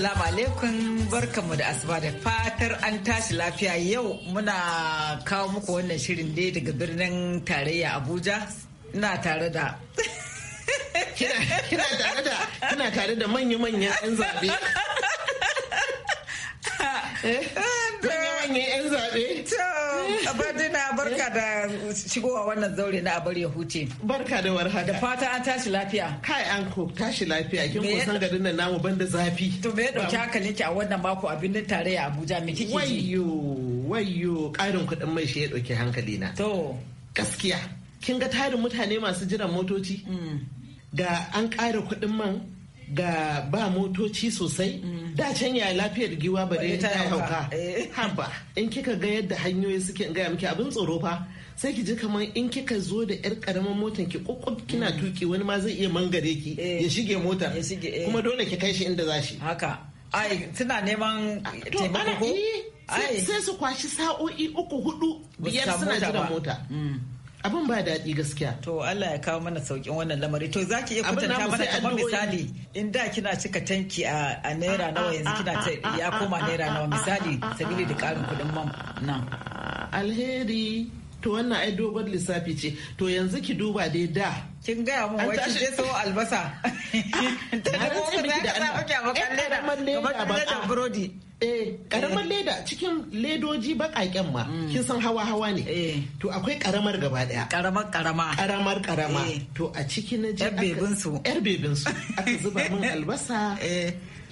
Assalamu alaikum barkamu da asuba da fatar an tashi lafiya yau muna kawo muku wannan shirin dai daga birnin tarayya Abuja ina tare da kina tare da kina tare da manya-manyan 'yan zaɓe. manya eh? ah, manya 'yan zabe? To, abadina barka da shigowa wannan zaure na abar ya huce. Barka da warhaka. Da fata an tashi lafiya. Kai an ko tashi lafiya kin ko san garin nan namu banda zafi. To me ya dauki hankalin ki a wannan mako a birnin tarayya Abuja me kike ji? Wayyo wayyo karin kuɗin mai shi ya dauki hankali na. To gaskiya kin ga tarin mutane masu jiran motoci. Ga mm. an ƙara kuɗin man ga ba motoci sosai mm. da can ya lafiyar giwa ba dai ta hauka eh. haba in kika ga yadda hanyoyi suke gaya miki abin tsoro fa sai ki ji kamar in kika zo da yar karamin motar ki kukkub kina mm. tuki wani ma zai iya mangare ki eh. ya shige mota eh. kuma dole ki kai shi inda za shi haka ai tana neman taimako sai su kwashi sa'o'i uku hudu biyar suna jira mota abin ba daɗi gaskiya to Allah ya kawo mana saukin wannan lamari to za ki iya kwatanta mana kamar misali in da kina cika tanki a naira ah, nawa ah, yanzu kina ta ah, ya koma naira nawa misali sabili da karin kudin man nan alheri to wannan ai dogon lissafi ce to yanzu ki duba dai da kin gaya mun wai kin je sawo albasa ta da ko ka za ka sa ba kan leda kamar leda brodi eh karamar eh. leda cikin ledoji bakaken ma mm. kin san hawa hawa ne eh. to akwai karamar gaba daya karamar karama karamar karama eh. to a ciki na je bebin su yar bebin su aka zuba min albasa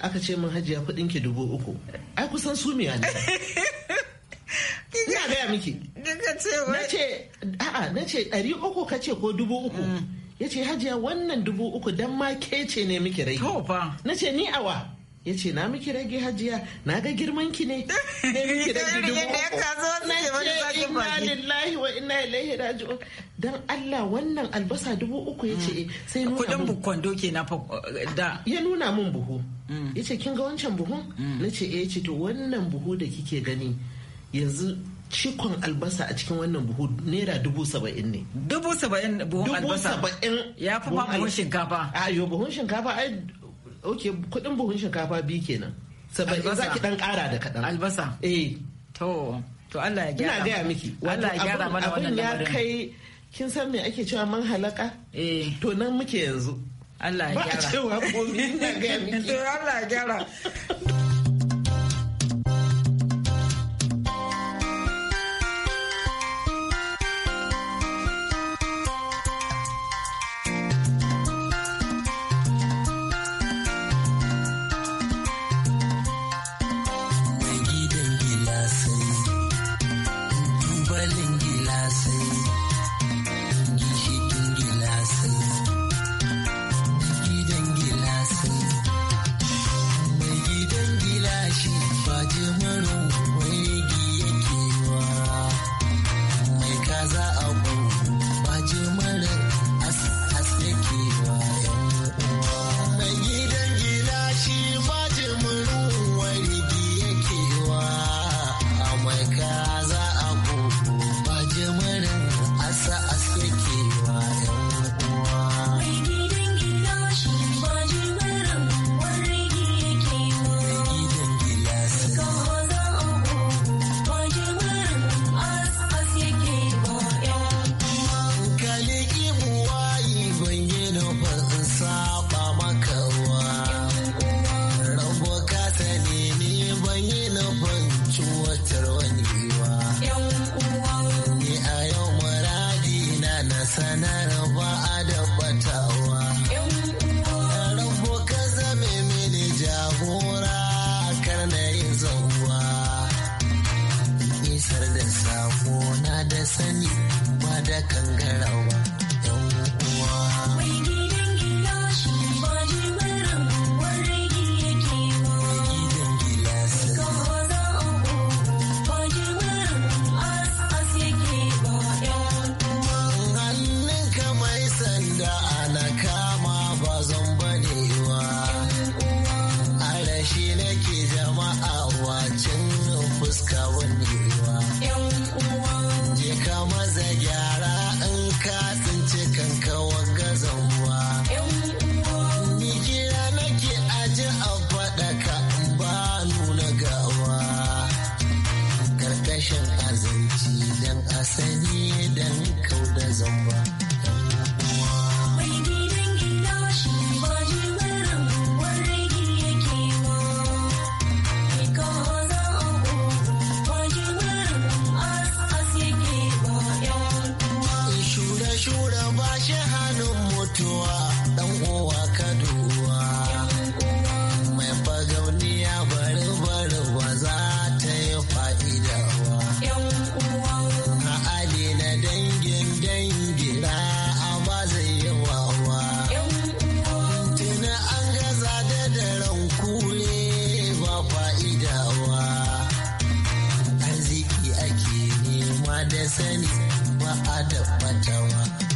aka ce min hajiya kudin ki dubu uku ai kusan su miya ne Ina gaya miki. Duka ce wai. Nace a'a nace ɗari uku kace ko dubu uku. Mm. Ya ce hajiya wannan dubu uku dan ma kece ne miki rage To fa. Nace ni awa. ya ce na miki rage hajiya na ga girman ki ne ne miki rage dubu uku na lillahi wa inna ilaihi raji'un dan Allah wannan albasa dubu uku ya ce mm. sai nuna kudin bukwando ke na da ya nuna min buhu mm. ya ce kin ga wancan buhun na ce eh ce to wannan buhu da kike gani yanzu cikon albasa a cikin wannan buhu naira dubu saba'in ne. Dubu saba'in buhun albasa. Dubu saba'in. Ya fi ma buhun shinkafa. A yo buhun shinkafa ai ok kudin buhun shinkafa biyu kenan. Saba'in za ki dan kara da kadan. Albasa. Eh. To to Allah ya gyara. Ina gaya miki. Allah ya gyara mana wannan lamarin. Abin ya kai kin san me ake cewa man halaka? Eh. To nan muke yanzu. Allah ya gyara. Ba a cewa komi ina gaya miki. To Allah ya gyara. da sani ba a tabbata ba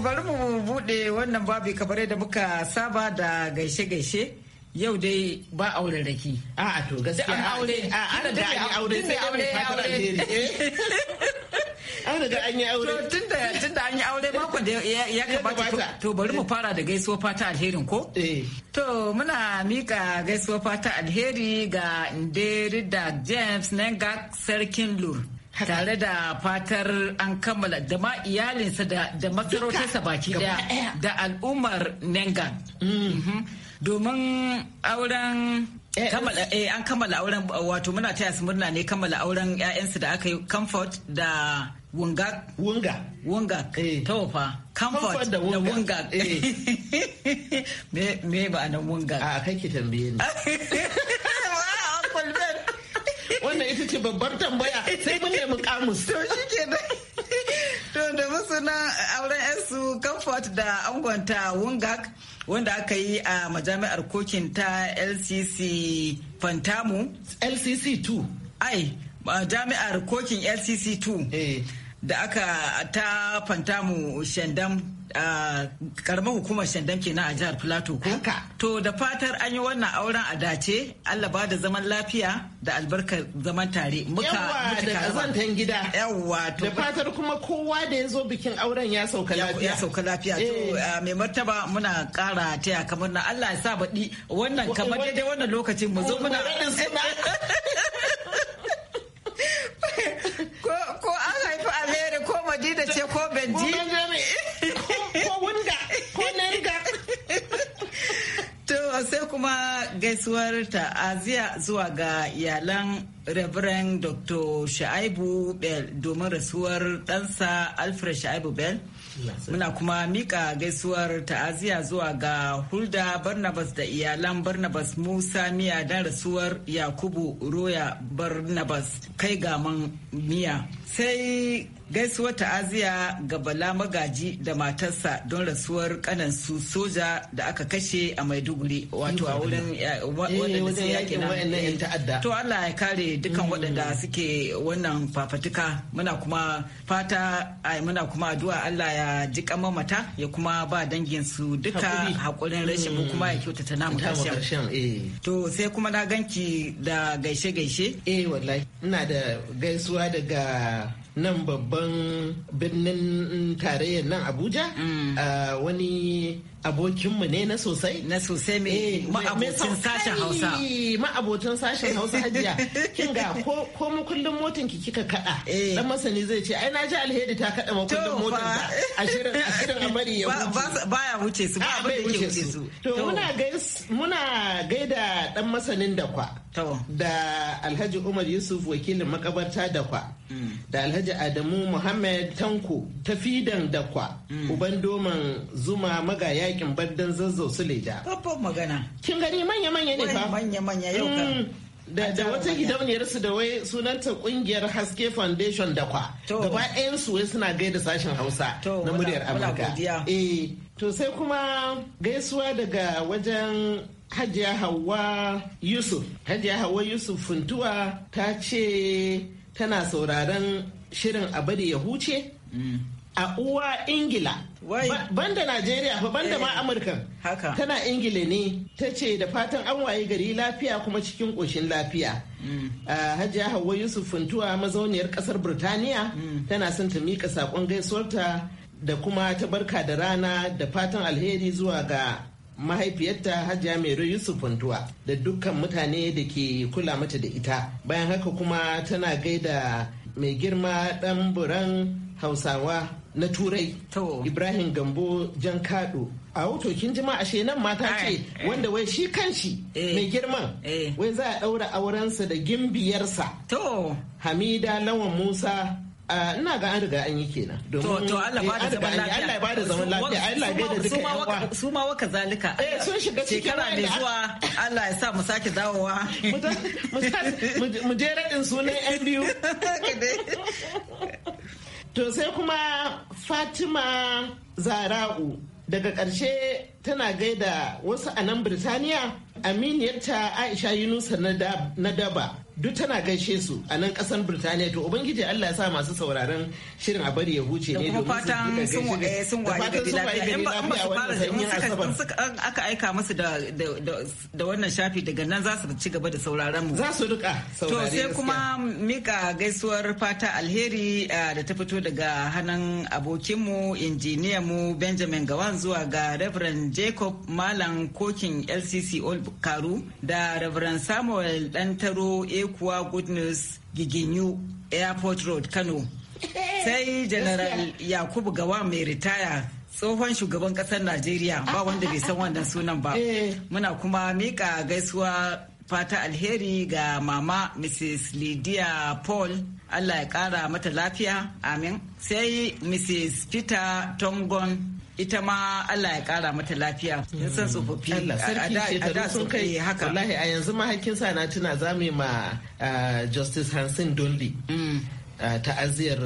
bari mu bude wannan babi kamar da muka saba da gaishe-gaishe yau dai ba aure raki. A a to gaskiya an aure an da an aure sai aure aure. An riga an yi aure. Tun da an yi aure makon da ya kamata to bari mu fara da gaisuwa fata alherin ko? Eh. To muna mika gaisuwa fata alheri ga Nderida James Nengak Sarkin Lur. tare da fatar an kammala da ma iyalinsa da masarautarsa baki daya da al'ummar nengan mm. mhm. domin auren eh, eh. Eh, an kammala auren wato muna taya su murna ne kammala auren 'ya'yansu da aka yi comfort da wunga wunga wunga tawafa comfort da wunga me ba nan wunga a kai ki tambaye ni wannan ita ce babbar tambaya sai mun nemi kamus to da, to da masana auren yansu comfort da angonta wungak wanda aka yi a majami'ar kokin ta lcc fantamu lcc 2 ai jami'ar kokin lcc 2 eh. da aka ta fantamu shandam karamin hukumar shandan kenan a jihar plateau ko to da fatar an yi wannan auren a dace allah ba da zaman lafiya da albarkar zaman tare muka da zantan gida yawa da fatar kuma kowa da ya zo bikin auren ya sauka lafiya ya sauka lafiya to eh. mai martaba muna kara taya kamar na allah ya sa baɗi wannan kamar daidai wannan lokacin mu zo muna ko an haifi alheri ko madina ce ko benji sai kuma gaisuwar ta'aziya zuwa ga iyalan Reverend Dr. Shaibu Bell domin rasuwar ɗansa Alfred Shaibu Bell. Muna kuma mika gaisuwar ta'aziya zuwa ga Hulda Barnabas da iyalan Barnabas Musa Miya don rasuwar Yakubu Roya Barnabas kai gaman Miya. Sai gaisuwar ta'aziya ga bala magaji da matarsa don rasuwar kanansu soja da aka kashe a maiduguri wato a wurin waɗanda eh, yaƙi ta'adda. to allah ya kare dukan mm. waɗanda suke wannan fafatuka muna kuma fata muna kuma addu'a allah ya ji mamata ya kuma ba dangin su duka hakurin rashin mu mm. kuma ya kyautata namu karshen eh. to sai kuma na ganki da gaishe-gaishe eh wallahi ina da gaisuwa daga nan babban birnin tarayyar nan abuja mm. ah, wani abokinmu ne na sosai na sosai me eh, ma'abocin sashen hausa ma'abocin sashen hausa hajiya kin ga ko mu kullum motin ki kika kada dan eh. masani zai ce ai na ji alheri ta kada ma kullum motin ta ashirin ashirin a bari ya wuce baya wuce su ba ah, ba wuce su to muna gais muna gaida dan masanin da kwa da Alhaji Umar Yusuf wakilin makabarta da kwa mm. da Alhaji Adamu Muhammad Tanko tafidan da kwa mm. uban doman zuma magaya yakin baddan zazzau su leda. Babban magana. Kin gani manya-manya ne fa? Manya-manya yau kan. Mm. da da wata gidauniyar su da wai sunanta kungiyar haske foundation da kwa gaba ɗayan su wai suna gaida sashen hausa na muryar amurka eh to sai kuma gaisuwa daga wajen hajiya Hawwa yusuf hajiya Hawwa yusuf funtuwa ta ce tana sauraron shirin a bari ya huce mm. a uwa ingila banda najeriya fa banda ma eh, amurka tana ingila ne ta ce da fatan an waye gari lafiya kuma cikin ƙoshin lafiya mm. ah, hajiya hawa yusuf funtuwa mazauniyar ƙasar birtaniya mm. tana son ta mika saƙon gaisuwarta da kuma ta barka da rana da fatan alheri zuwa ga mahaifiyarta hajiya mero yusuf funtuwa da dukkan mutane da ke kula mata da ita bayan haka kuma tana gaida mai girma ɗan buran hausawa na turai ibrahim gambo jan kado a wato kin jima ashe nan mata ce wanda wai shi kanshi eh. mai girman eh. wai za a daura aurensa da gimbiyarsa to hamida lawan musa ina ga an riga an yi kenan domin to Allah ba da eh, zaman lafiya Allah ba da zaman lafiya Allah bai da duka yan su ma waka zalika eh sun shiga cikin shekara mai zuwa Allah ya sa mu sake dawowa mu je radin sunan NBU. To sai kuma Fatima Zara'u daga ƙarshe tana gaida wasu a nan Birtaniya aminiyarta Aisha Yunusa na daba duk tana gaishe su a nan kasan Birtaniya to ubangiji Allah ya sa masu sauraron shirin a bari ya huce ne domin fatan sun sun waye da lafiya in ba su fara in suka aka aika musu da da wannan shafi daga nan za su ci gaba da sauraron mu za su rika to sai kuma mika gaisuwar fata alheri eh, da ta fito daga hannun abokinmu injiniyan mu Benjamin Gawan zuwa ga Reverend Jacob Malam Kokin LCC Old Karu da Reverend Samuel Dantaro Eko kuwa good news giginyu airport road kano sai general yakubu gawa mai ritaya tsohon shugaban kasar najeriya ba wanda bai san wannan sunan ba eh. muna kuma mika gaisuwa fata alheri ga mama mrs lydia paul allah ya kara mata lafiya amin sai mrs peter tongon ita ma Allah ya kara mata lafiya in san tsofaffi a da sun kai haka wallahi a yanzu ma hakkin sa na tuna za yi ma uh, Justice Hansen Dolly mm. uh, ta'aziyar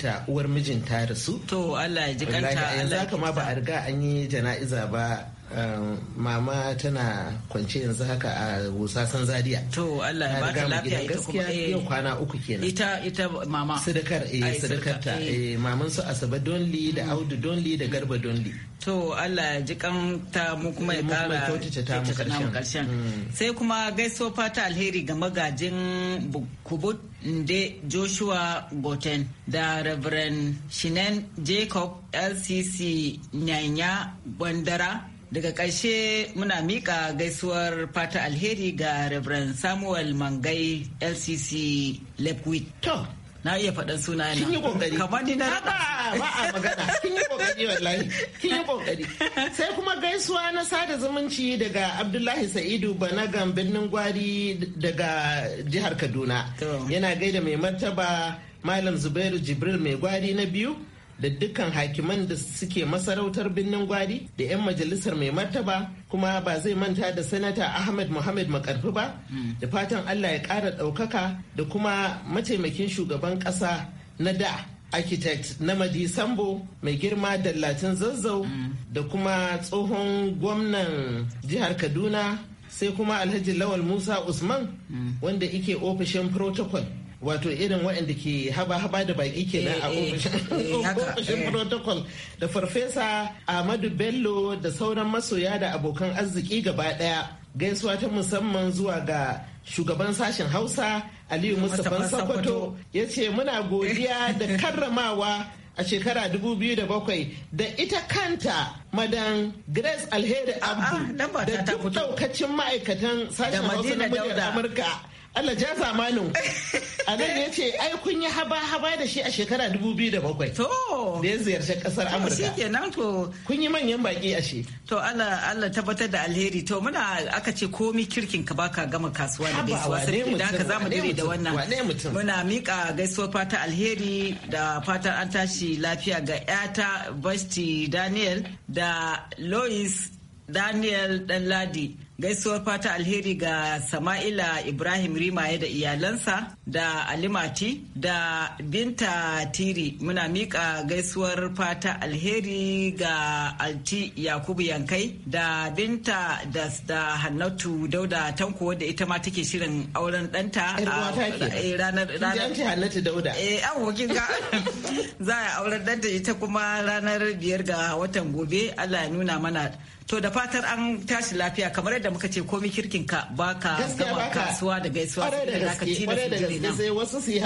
ta uwar mijin ta rasu to Allah ya ji kanta Allah ya ma ba a riga an yi jana'iza ba Um, mama tana kwance yanzu haka a wusasan zadiya to Allah ya baka lafiya ita kuma gaskiya eh. yau kwana uku kenan ita ita mama sadakar eh sadakar ta eh. eh maman su Asabe Donli da mm. Audu Donli da Garba Donli to Allah ya ji kan ta mu kuma ya kara ta mu karshen mm. sai kuma gaiso fata alheri ga magajin Kubut Nde Joshua Goten, da Reverend Shinen Jacob LCC Nyanya Bandara Daga ƙarshe muna miƙa gaisuwar fata alheri ga Reverend Samuel Mangai LCC Lepwit. To, na iya faɗan suna yana. Kin yi kokari. Kamar ni na ba a magana. Kin yi kokari wallahi. Kin yi kokari. Sai kuma gaisuwa na sada zumunci daga Abdullahi Sa'idu Banagan birnin Gwari daga jihar Kaduna. Yana gaida mai martaba Malam Zubairu Jibril mai gwari na biyu da dukkan hakiman da suke masarautar birnin gwari da 'yan majalisar mai martaba kuma ba zai manta da sanata ahmed muhammad makarfi ba da fatan allah ya kara ɗaukaka da kuma mataimakin shugaban kasa na da architect na madisambo mai girma da latin zazzau da kuma tsohon gwamnan jihar kaduna sai kuma alhaji lawal musa usman mm. wanda ike ofishin protocol wato irin waɗanda ke haba-haba da baki ke na a eh, eh, eh, ofishin protocol da farfesa Amadu bello da sauran masoya da abokan arziki gaba ɗaya gaisuwa ta musamman zuwa ga shugaban sashen hausa aliyu mustapha sakwato ya ce muna godiya da karramawa a shekara 2007 da ita kanta madan grace alheri abu da duk daukacin ma'aikatan sashen hausa na amurka Allah ja zamanin a nan ya ce ai kun yi haba-haba da shi a shekara 2007 to da ya ziyarci kasar Amurka shi nan to kun yi manyan baki a shi to Allah Allah tabbatar da alheri to muna aka ce komi kirkin ka baka gama kasuwa da gaisuwa sai da haka mu dire da wannan muna mika gaisuwa fata alheri da fatan an tashi lafiya ga yata Basti Daniel da Lois Daniel Danladi gaisuwar fata alheri ga sama'ila ibrahim rimaye da iyalansa da alimati da binta tiri muna miƙa gaisuwar fata alheri ga alti yakubu yankai da binta da, da hannatu dauda tanko wadda ita ma take shirin auren danta eh, eh, a auren ɗanta ita kuma ranar biyar ga watan gobe allah ya nuna mana to da fatar an tashi lafiya kamar yadda muka ce komi kirkin ka baka gama kasuwa da gaisuwa da ka ci da wasu su yi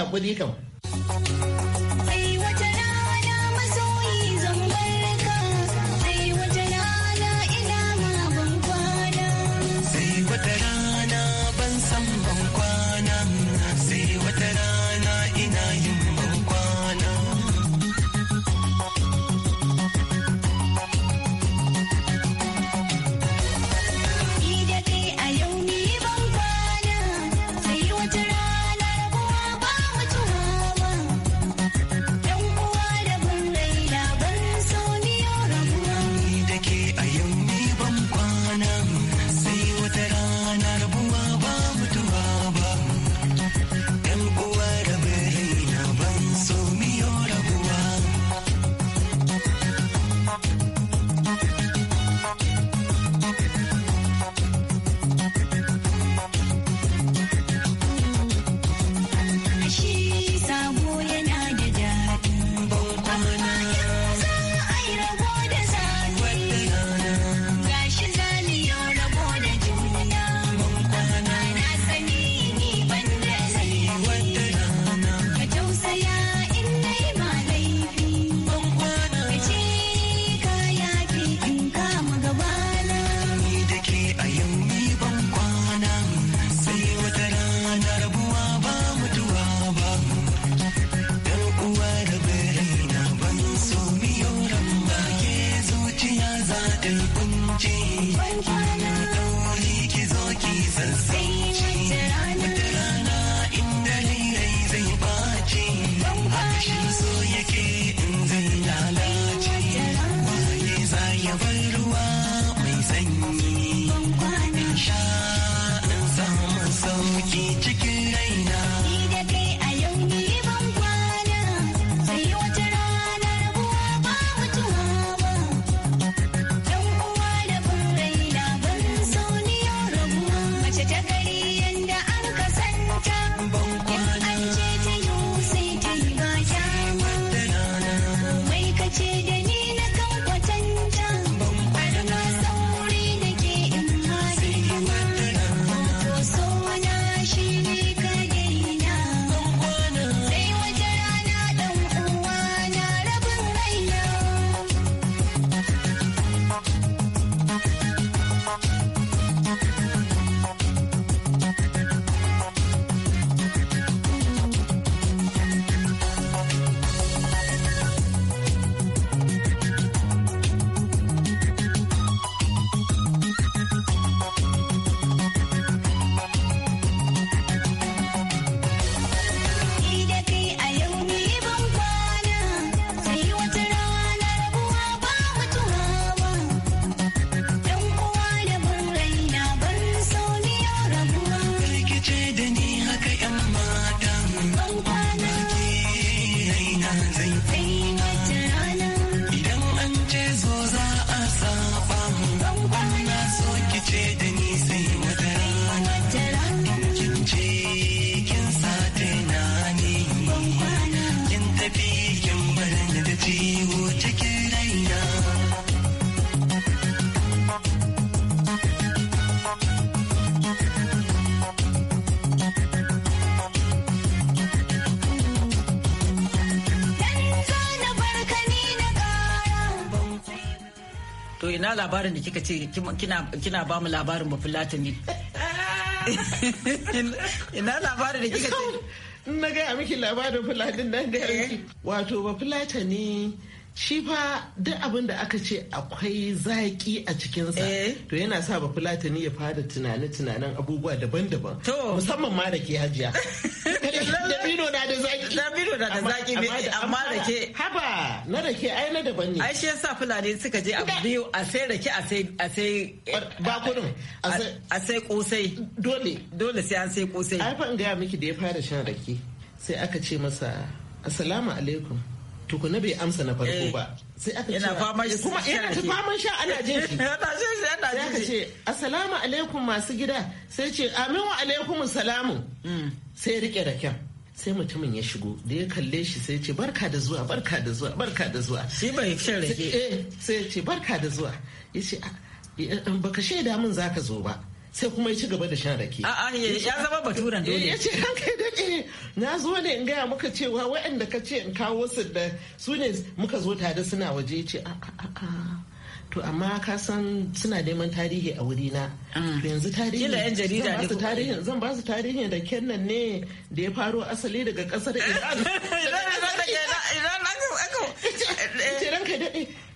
Thing. ina labarin da kika ce kina ba mu labarin ba ne. ina labarin da kika ce na gaya miki labarin filatin nan da wato ba ne shi fa duk abin da aka ce akwai zaki a cikinsa eh. to yana sa ba fulatani ya fara tunane-tunanen abubuwa daban-daban musamman ma da ke hajiya dabino na da zaki dabino na da zaki amma rake haba na rake ai na daban ne ai shi yasa fulani suka je abu biyu a sai rake a sai a sai bakunan a sai kosai dole dole sai an sai kosai ai fa in ga miki da ya fara shan rake sai aka ce masa assalamu alaikum tukuna bai amsa na farko eh. ba sai aka ce kuma yana eh, ta faman sha ana jin shi sai aka ce assalamu alaikum masu gida sai ce amin wa alaikum salamu hmm. sai rike raken sai mutumin ya shigo da ya kalle shi sai ce barka da zuwa barka da zuwa barka da zuwa shi bai shan rake sai eh, ce barka da zuwa ya ce ah, baka shaida min zaka zo ba sai kuma ya ci gaba da shan rake. A'a ya zama baturan dole. Eh, ya ce ranka da ke na zo ne in gaya muka cewa waɗanda ka ce in kawo su da su ne muka zo tare suna waje ya ce a'a to amma ka san suna neman tarihi a wuri na. Mm. To yanzu tarihi. Kila yan jarida ne tarihin zan ba su tarihin da kennan ne da ya faro asali daga kasar Iran. Iran Ranka daɗe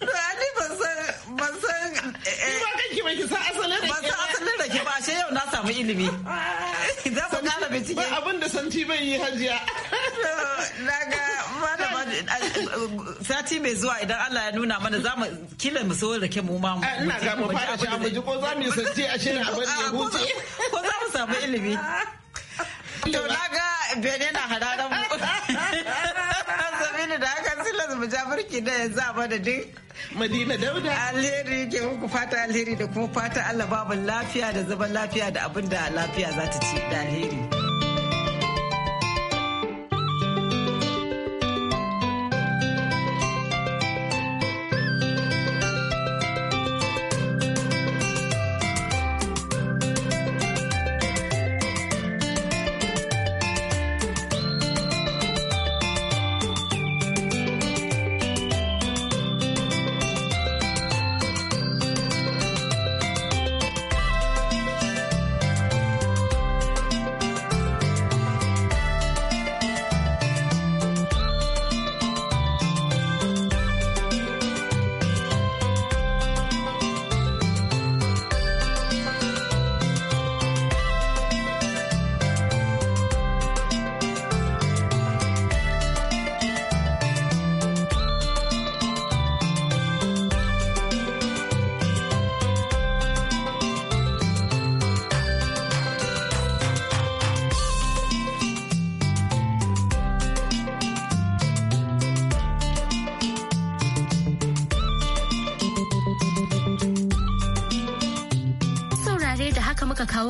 Rani ban san ban san ba eh, eh. kanki ba ki san asalin da ke ba san asalin rake ba sai yau na samu ilimi. Ah. Za ku kara bincike. Ba abin da santi ban yi hajiya. Daga malama eh, sati mai zuwa idan Allah ya nuna mana za mu kila mu so ke mu ma mu. Ah, ina ga mu fara shi mu ji ko za mu yi santi a shirin abin da ya ah, huce. Ko za mu samu ilimi. To na ga bene na hararen mu. mu ja da yanzu a madadin Madina Dauda. Alheri ke muku fata alheri da kuma fata Allah babu lafiya da zaman lafiya da abinda lafiya za ta ci da alheri.